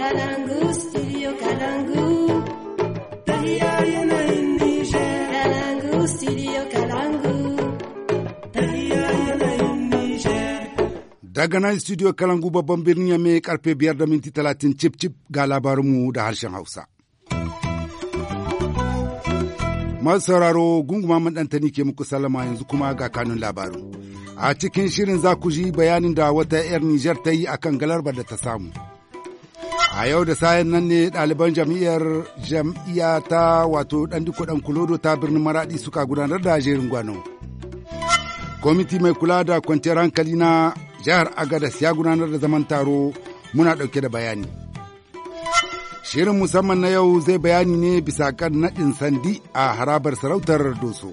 Kalangu, studio Kalangu. Kalangu, Daga nan studio Kalangu babban ya mai karfe biyar da minti talatin cip cip ga labarinmu da harshen Hausa. Masu sauraro gunguma maɗantani ke muku salama yanzu kuma ga kanun labaru. A cikin shirin za ku ji bayanin da wata 'yar Nijar ta yi akan galarbar da ta samu. a yau da sayan nan ne ɗaliban jam'iyyar jam'iyya ta wato ɗan diko ɗan kulodo ta birnin maraɗi suka gudanar da jerin gwano kwamiti mai kula da kwanciyar hankali na jihar agadas ya gudanar da zaman taro muna ɗauke da bayani shirin musamman na yau zai bayani ne bisa kan naɗin sandi a harabar sarautar doso.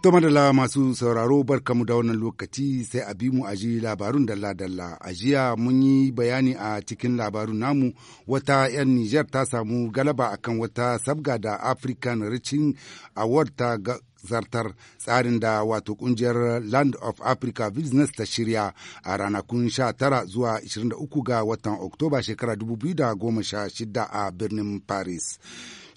To madalla masu sauraro barkamu da wannan lokaci sai a bi mu a labarun dalla-dalla. A jiya mun yi bayani a cikin labarun namu wata 'yan Nijar ta samu galaba akan wata sabga da African Reaching Award ta zartar tsarin da wato kungiyar Land of Africa Business ta shirya a ranakun 19 zuwa 23 ga watan Oktoba shekara 2016 a birnin Paris.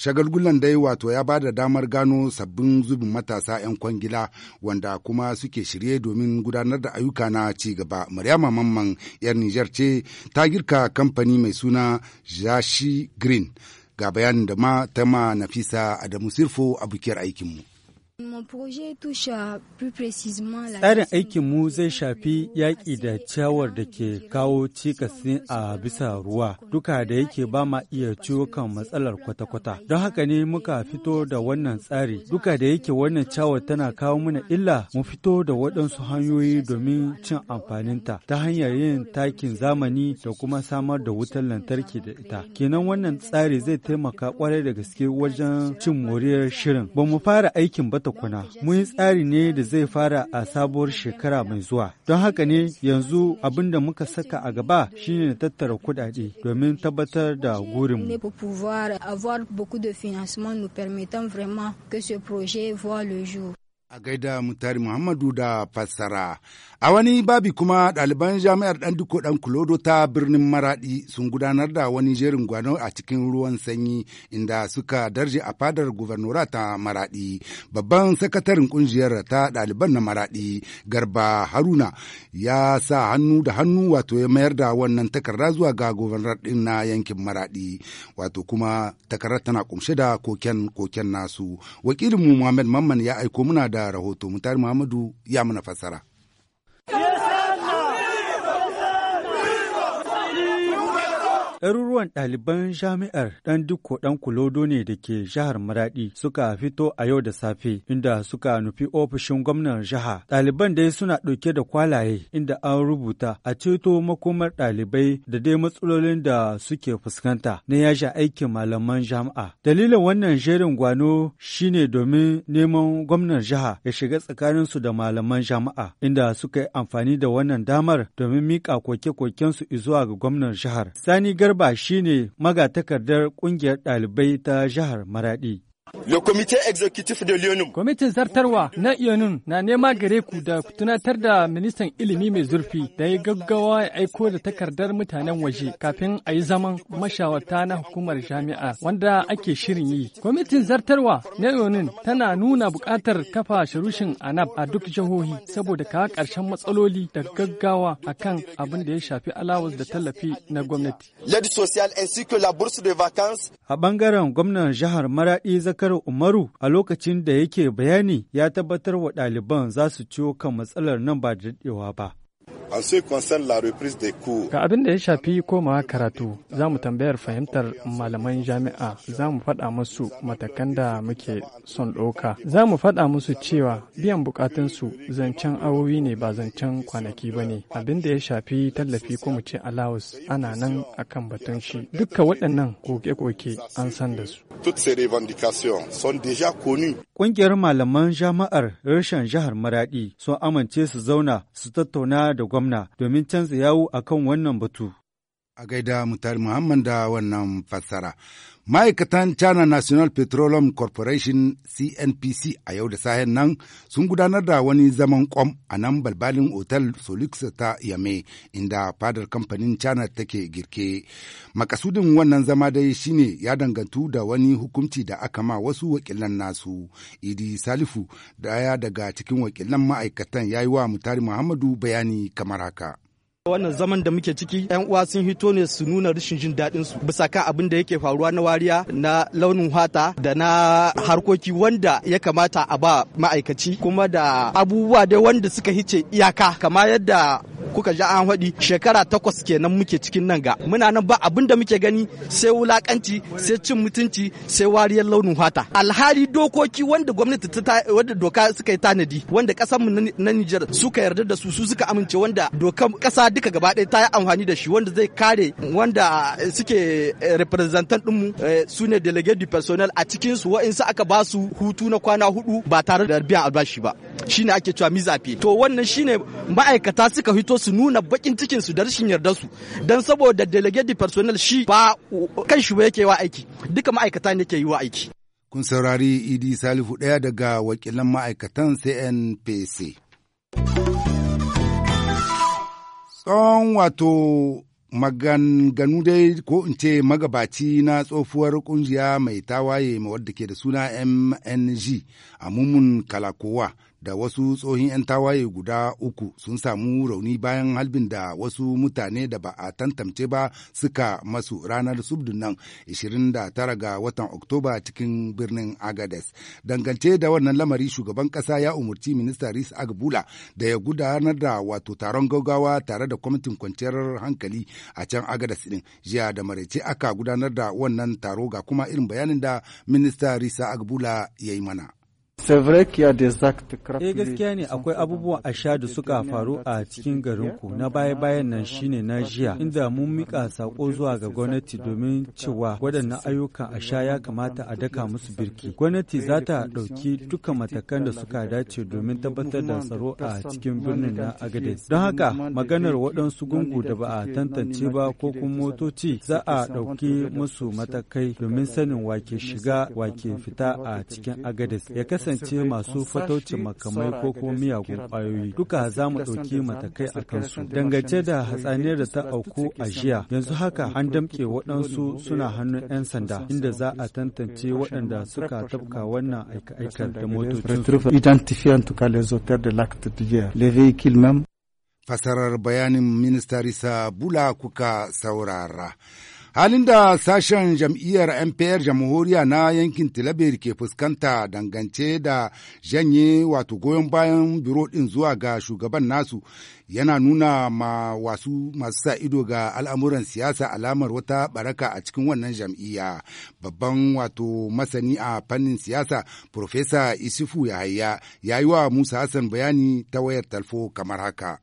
Shagalgulan dai wato ya ba da damar gano sabbin zubin matasa 'yan kwangila wanda kuma suke shirye domin gudanar da ayyuka na ci gaba. Maryama Mamman 'yar Nijar ce ta girka kamfani mai suna Jashi Green. Ga bayanin da ma ta ma Nafisa Adamu Sirfo abukiyar aikinmu. Tsarin aikinmu zai shafi yaƙi da ciyawar da ke kawo cikasin a bisa ruwa duka da yake ba ma iya ciwo kan matsalar kwata-kwata. Don haka ne muka eh, fito da wannan tsari duka da yake wannan ciyawar tana kawo mana illa mu fito da waɗansu hanyoyi domin cin amfaninta ta hanyar yin takin zamani da kuma samar da wutar lantarki da ita. Kenan wannan tsari zai taimaka kwarai da gaske wajen cin moriyar shirin. Ba fara aikin ba tukuna. Mun yi tsari ne da zai fara a sabuwar shekara mai zuwa. Don haka ne yanzu abin da muka saka a gaba shine na tattara kudade domin tabbatar da gurinmu. mu. a gaida mutari muhammadu da fassara a wani babi kuma ɗaliban jami'ar ɗan duko ɗan kulodo ta birnin maraɗi sun gudanar da wani jerin gwano a cikin ruwan sanyi inda suka darje a fadar gubernura ta maraɗi babban sakataren ƙungiyar ta ɗaliban na maraɗi garba haruna ya sa hannu da hannu wato ya mayar da wannan takarda zuwa ga gubernar ɗin na yankin maraɗi wato kuma takarar tana kumshe da koken koken nasu wakilinmu muhammad mamman ya aiko muna da da rahoto mutari muhammadu ya mana fassara Ɗaruruwan ɗaliban jami'ar ɗan dukko ɗan kulodo ne da ke jihar maraɗi suka fito a yau da safe inda suka nufi ofishin gwamnan jiha. Ɗaliban dai suna ɗauke da kwalaye inda an rubuta a ceto makomar ɗalibai da dai matsalolin da suke fuskanta na yaji aikin malaman jami'a. Dalilin wannan jerin gwano shine domin neman gwamnan jiha ya shiga tsakaninsu da malaman jami'a inda suka yi amfani da wannan damar domin mika koke-kokensu izuwa ga gwamnan jihar. Sani Gar Garba shine magatakardar ƙungiyar ɗalibai ta jihar Maraɗi. Le comité exécutif de Lyon. Kwamitin zartarwa na Iyonun na nema gare ku da tunatar da ministan ilimi mai zurfi da ya gaggawa ya aiko da takardar mutanen waje kafin a yi zaman mashawarta na hukumar jami'a wanda ake shirin yi. Kwamitin zartarwa na onu tana nuna bukatar kafa shirushin ANAB a duk jihohi saboda kawo karshen matsaloli da gaggawa akan abin da ya shafi alawas da tallafi na gwamnati. A bangaren gwamnan jihar Maradi Zaka Abubakar Umaru a lokacin da yake bayani ya tabbatar wa ɗaliban za su ciwo kan matsalar nan ba da daɗewa ba. Ga abin da ya shafi komawa karatu, za mu tambayar fahimtar malaman jami'a, za mu faɗa musu matakan da muke son ɗauka. Za mu faɗa musu cewa biyan bukatunsu zancen awowi ne ba zancen kwanaki ba ne. Abin da ya shafi tallafi ko mu ce alawus ana nan akan batun shi. Dukka waɗannan koke-koke an san da su. Ƙungiyar malaman jami'ar rashin jihar Maraɗi sun amince su zauna su tattauna da gwamnati. gwamna domin canza yawo a kan wannan batu. a gaida mutari muhammad da wannan fassara ma'aikatan china national petroleum corporation cnpc a yau da sahen nan sun gudanar da wani zaman kwam a nan balbalin otal solix ta yame inda fadar kamfanin china take girke makasudin wannan zama dai shine ya dangantu da wani hukunci da aka ma wasu wakilan nasu idi salifu daya daga cikin wakilan ma'aikatan ya yi wa mutari muhammadu bayani kamar haka wannan zaman da muke ciki yan uwa sun hito ne su nuna rashin jin daɗin su bisa kan abin da yake faruwa na wariya na launin hata da na harkoki wanda ya kamata a ba ma'aikaci kuma da abubuwa dai wanda suka hice iyaka kamar yadda kuka ji an haɗi shekara takwas kenan muke cikin nan ga muna nan ba abin da muke gani sai wulakanci sai cin mutunci sai wariyar launin fata alhali dokoki wanda gwamnati ta wanda doka suka yi tanadi wanda kasar mu na Nijar suka yarda da su su suka amince wanda dokan kasa duka gaba ɗaya ta yi amfani da shi wanda zai kare wanda eh, suke eh, representant ɗinmu eh, su ne delegate du personnel a cikin su wa'insu aka ba su hutu na kwana hudu ba tare da biyan albashi ba shine ake cewa mizafe to wannan shi ne ma'aikata suka fito su nuna bakin cikin su da rashin yarda su dan saboda delegate du personnel shi ba kan shi ba yake wa aiki duka ma'aikata ne ke yi wa aiki kun saurari idi salihu ɗaya daga wakilan ma'aikatan cnpc tsawon wato maganganu dai ko in ce magabaci na tsofuwar kungiya mai tawaye wadda ke da suna mng a mumun kalakowa da wasu tsohin 'yan tawaye guda uku sun samu rauni bayan halbin da wasu mutane da ba a tantance ba suka masu ranar subdun nan 29 ga watan Oktoba cikin birnin Agades. Dangance da wannan lamari shugaban kasa ya umarci minista Ris Agbula da ya gudanar da wato taron gaugawa tare da kwamitin kwanciyar hankali a can Agades din. Jiya da maraice aka gudanar da wannan taro ga kuma irin bayanin da minista Risa Agbula ya yi mana. Eh gaskiya ne akwai abubuwan a sha da suka faru a cikin garin ku na baya-bayan nan shine na jiya inda mun mika sako zuwa ga gwamnati domin cewa waɗannan ayyukan a sha ya kamata a daka musu birki. Gwamnati za ta ɗauki duka matakan da suka dace domin tabbatar da tsaro a cikin birnin na Agadez. Don haka maganar waɗansu gungu da ba a tantance ba ko kuma motoci za a ɗauki musu matakai domin sanin wake shiga wake fita a cikin Agadez. Ya kasance kasance masu fataucin makamai ko kuma miyagun ƙwayoyi duka za mu ɗauki matakai a kansu. Dangance da hatsaniyar da ta auku a jiya yanzu haka an damƙe waɗansu suna hannun 'yan sanda inda za a tantance waɗanda suka tafka wannan aika-aikar da motocin. Fasarar bayanin minista Risa Bula kuka saurara. Halin da sashen jam'iyyar MPR jamhuriya na yankin Tilabir ke fuskanta dangance da janye wato goyon bayan biro din zuwa ga shugaban nasu yana nuna ma wasu masu sa ido ga al'amuran siyasa alamar wata baraka a cikin wannan jam'iyya. Babban wato masani a fannin siyasa Profesa Isufu Yahaya ya yi wa Musa Hassan bayani ta wayar talfo kamar haka.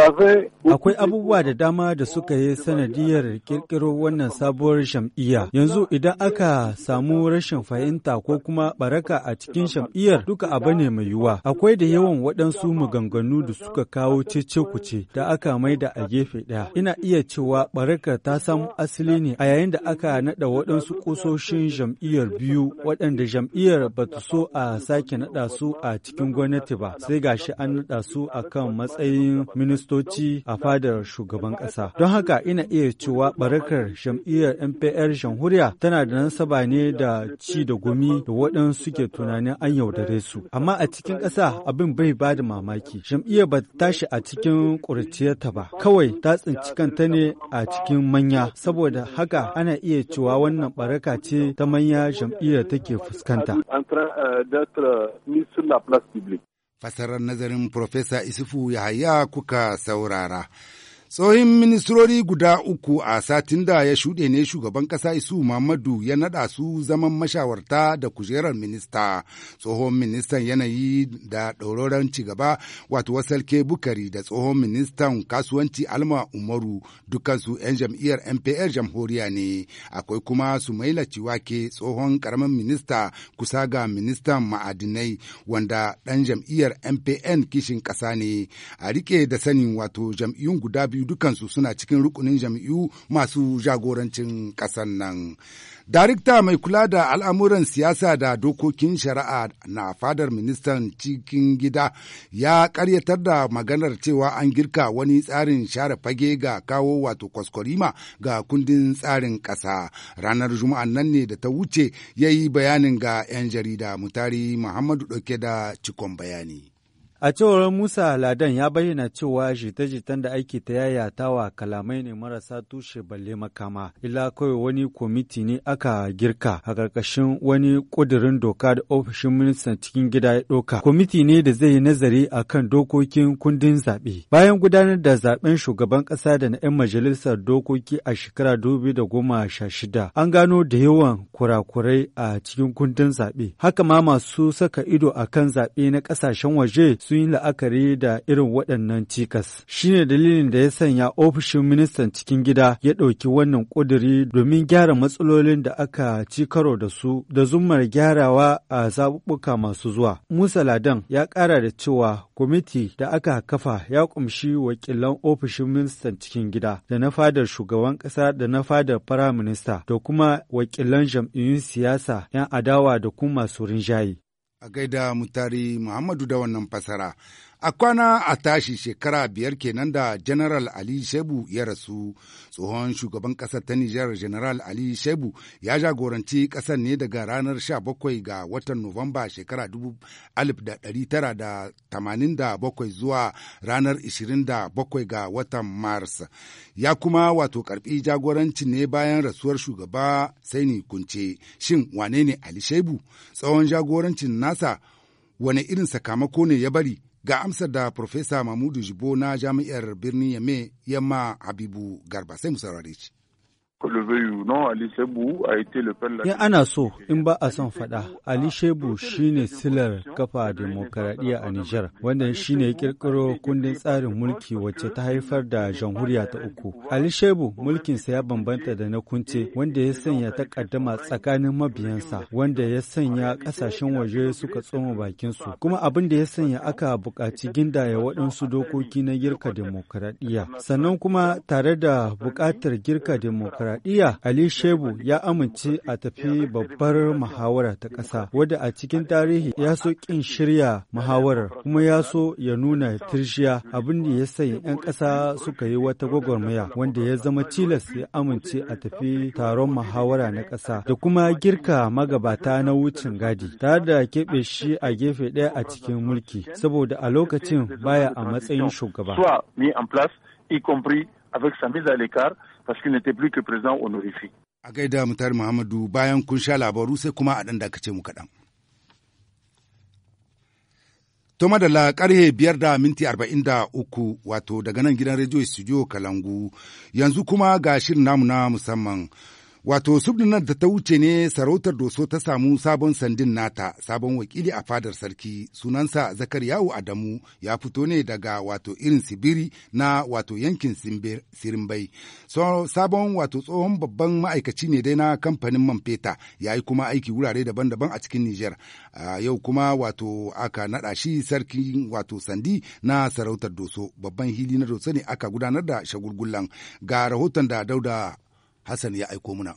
Akwai abubuwa da dama da suka yi sanadiyar kirkiro wannan sabuwar jam'iyya. Yanzu idan aka samu rashin fahimta ko kuma baraka a cikin jam'iyyar duka abu ne mai yiwuwa. Akwai da yawan waɗansu maganganu da suka kawo cece kuce da aka maida a gefe ɗaya. Ina iya cewa baraka ta samu asali ne a yayin da aka naɗa waɗansu ƙusoshin jam'iyyar biyu waɗanda jam'iyyar ba ta so a sake naɗa su a cikin gwamnati ba sai gashi an naɗa su a kan matsayin minista Kiristoci a fadar shugaban ƙasa. Don haka ina iya cewa barakar jam'iyyar MPR jamhuriya tana da nasaba ne da ci da gumi da waɗansu ke tunanin an yaudare su. Amma a cikin ƙasa abin bai ba da mamaki. Jam'iyyar ba tashi a cikin ƙuruciyarta ba, kawai ta tsinci kanta ne a cikin manya. Saboda haka ana iya cewa wannan baraka ce ta manya jam'iyyar take fuskanta. fasarar nazarin Profesa Isufu Yahaya kuka saurara. Tsohon ministrori guda uku a satin da ya shuɗe ne shugaban ƙasa Isu Muhammadu ya naɗa su zaman mashawarta da kujerar minista. Tsohon ministan yanayi da ɗororon cigaba wato wasalke Bukari da tsohon ministan kasuwanci Alma Umaru dukansu 'yan jam'iyyar NPR jamhuriya ne. Akwai kuma maila Ciwake tsohon ƙaramin minista kusa ga ministan ma'adinai wanda ɗan jam'iyyar MPN kishin ƙasa ne. A riƙe da sanin wato jam'iyyun guda biyu biyu dukansu suna cikin rukunin jam'iyyu masu jagorancin ƙasar nan. Darikta mai kula da al'amuran siyasa da dokokin shari'a na fadar ministan cikin gida ya karyatar da maganar cewa an girka wani tsarin share fage ga kawo wato kwaskwarima ga kundin tsarin ƙasa. Ranar juma'a nan ne da ta wuce ya yi bayanin ga 'yan jarida Mutari Muhammadu ɗauke da cikon bayani. A cewar Musa Ladan ya bayyana cewa jita-jitan da ake ta yayatawa kalamai ne marasa tushe balle makama, ila kawai wani kwamiti ne aka girka a ƙarƙashin wani ƙudurin doka da ofishin ministan cikin gida ya ɗauka. Kwamiti ne da zai yi nazari a kan dokokin kundin zaɓe. Bayan gudanar da zaɓen shugaban ƙasa da na 'yan majalisar dokoki a shekara dubu da goma sha shida, an gano da yawan kurakurai a cikin kundin zaɓe. Haka ma masu saka ido a kan zaɓe na ƙasashen waje sun yi la'akari da irin waɗannan cikas. Shi ne dalilin da ya sanya ofishin ministan cikin gida ya ɗauki wannan ƙuduri domin gyara matsalolin da aka ci karo da su da zummar gyarawa a zaɓuɓɓuka masu zuwa. Musa Ladan ya ƙara da cewa kwamiti da aka kafa ya ƙumshi wakilan ofishin ministan cikin gida da na fadar shugaban ƙasa da na fadar firaminista da kuma wakilan jam'iyyun siyasa 'yan adawa da kuma masu rinjaye. a gaida mutari muhammadu da wannan fasara A kwana a tashi shekara biyar kenan da General Ali Shebu ya rasu, tsohon shugaban ƙasar ta Nijar General Ali Shebu ya jagoranci ƙasar ne daga ranar 17 ga watan Nuwamba shekara 1987 zuwa ranar 27 ga watan Mars. Ya kuma wato karɓi jagoranci ne bayan rasuwar shugaba Saini Kunce, shin wane ne Ali Shebu? tsohon jagorancin nasa wane irin sakamako ne ya bari? Ga amsar da Profesa Mahmudu Jibo na Jami'ar Birnin Yame Yamma Habibu Garba sai mu saurare shi. In ana so, in ba a son faɗa, Ali Shebu shine silar kafa demokaradiyya a Nijar, wanda shine kirkiro kundin tsarin mulki wacce ta haifar da jamhuriya ta uku. Ali Shebu mulkinsa ya bambanta da na kunce, wanda ya sanya takaddama tsakanin mabiyansa, wanda ya sanya ƙasashen waje suka tsoma bakinsu, kuma abin da ya sanya aka buƙaci gindaya waɗansu dokoki na girka demokaradiyya. Sannan kuma tare da buƙatar girka demokaradiyya demokuraɗiyya Ali Shebu ya amince a tafi babbar muhawara ta ƙasa wadda a cikin tarihi ya so ƙin shirya muhawarar kuma ya so ya nuna tirshiya abin da ya sanya 'yan ƙasa suka yi wata gwagwarmaya wanda ya zama tilas ya amince a tafi taron muhawara na ƙasa da kuma girka magabata na wucin gadi ta da keɓe shi a gefe ɗaya a cikin mulki saboda a lokacin baya a matsayin shugaba. avec sa mise à l'écart parce qu'il n'était plus que présent honorifique. A gaida mutar Muhammadu bayan kun sha labaru sai kuma a ɗan dakace mu kaɗan. To madalla karhe biyar da minti arba'in da uku wato daga nan gidan rediyo studio Kalangu yanzu kuma ga shirin namu na musamman Wato subdunar da ta wuce ne sarautar doso ta samu sabon sandin nata, sabon wakili a fadar sarki, sunansa yawo Adamu ya fito ne daga wato irin Sibiri na wato yankin Sirimbai. So, sabon wato tsohon babban ma'aikaci ne dai na kamfanin man feta, ya yi kuma aiki wurare daban-daban a cikin Nijar. Uh, yau kuma wato aka naɗa shi Sarki wato sandi na sarautar doso, babban hili na doso ne aka gudanar da shagulgullan. Ga rahoton da Dauda Hassan ya aiko muna.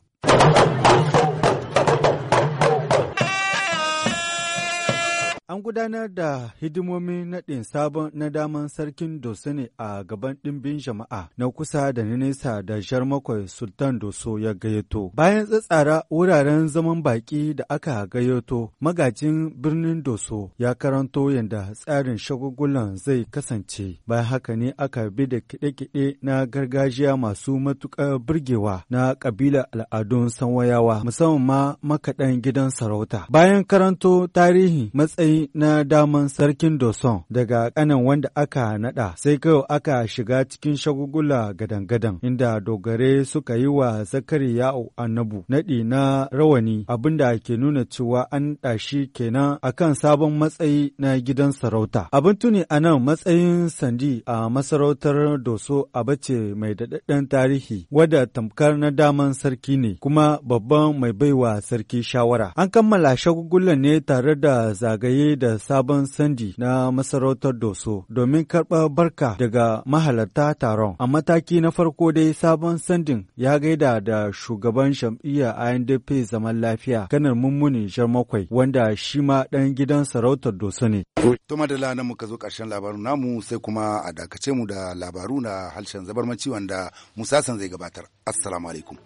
An gudanar da hidimomin naɗin sabon na daman sarkin Dosone a gaban ɗimbin jama'a na kusa da nesa da Jarmakwai Sultan Doso ya gayyato. Bayan tsatsara wuraren zaman baƙi da aka gayyato, magajin birnin Doso ya karanto yadda tsarin shagugulan zai kasance. Bayan haka ne aka bi da kiɗe-kiɗe na gargajiya masu matuƙar burgewa na ƙabilar al'adun Sanwayawa, musamman ma makaɗan gidan sarauta. Bayan karanto tarihi matsayin na daman sarkin Doson daga kanan wanda aka nada sai kawai aka shiga cikin shagugula gadan-gadan inda dogare suka yi wa zakari yao annabu nadi na rawani abinda ke nuna cewa an dashi kenan akan sabon matsayi na gidan sarauta. Abin tuni a nan matsayin sandi a masarautar Doso a bace mai daɗaɗɗen tarihi wadda tamkar na daman sarki ne kuma babban mai baiwa sarki shawara. An kammala shagugulan ne tare da zagaye da sabon sandi na masarautar Doso domin karɓar barka daga mahalarta taron. A mataki na farko dai sabon sandin ya gaida da shugaban jam'iyyar INDP zaman lafiya kanar mummuni Jarmakwai wanda shi ma dan gidan sarautar Doso ne. to da nan muka zo ƙarshen labaru namu sai kuma a dakace mu da labaru na harshen zabarmanci wanda Musa San zai gabatar. Assalamu alaikum.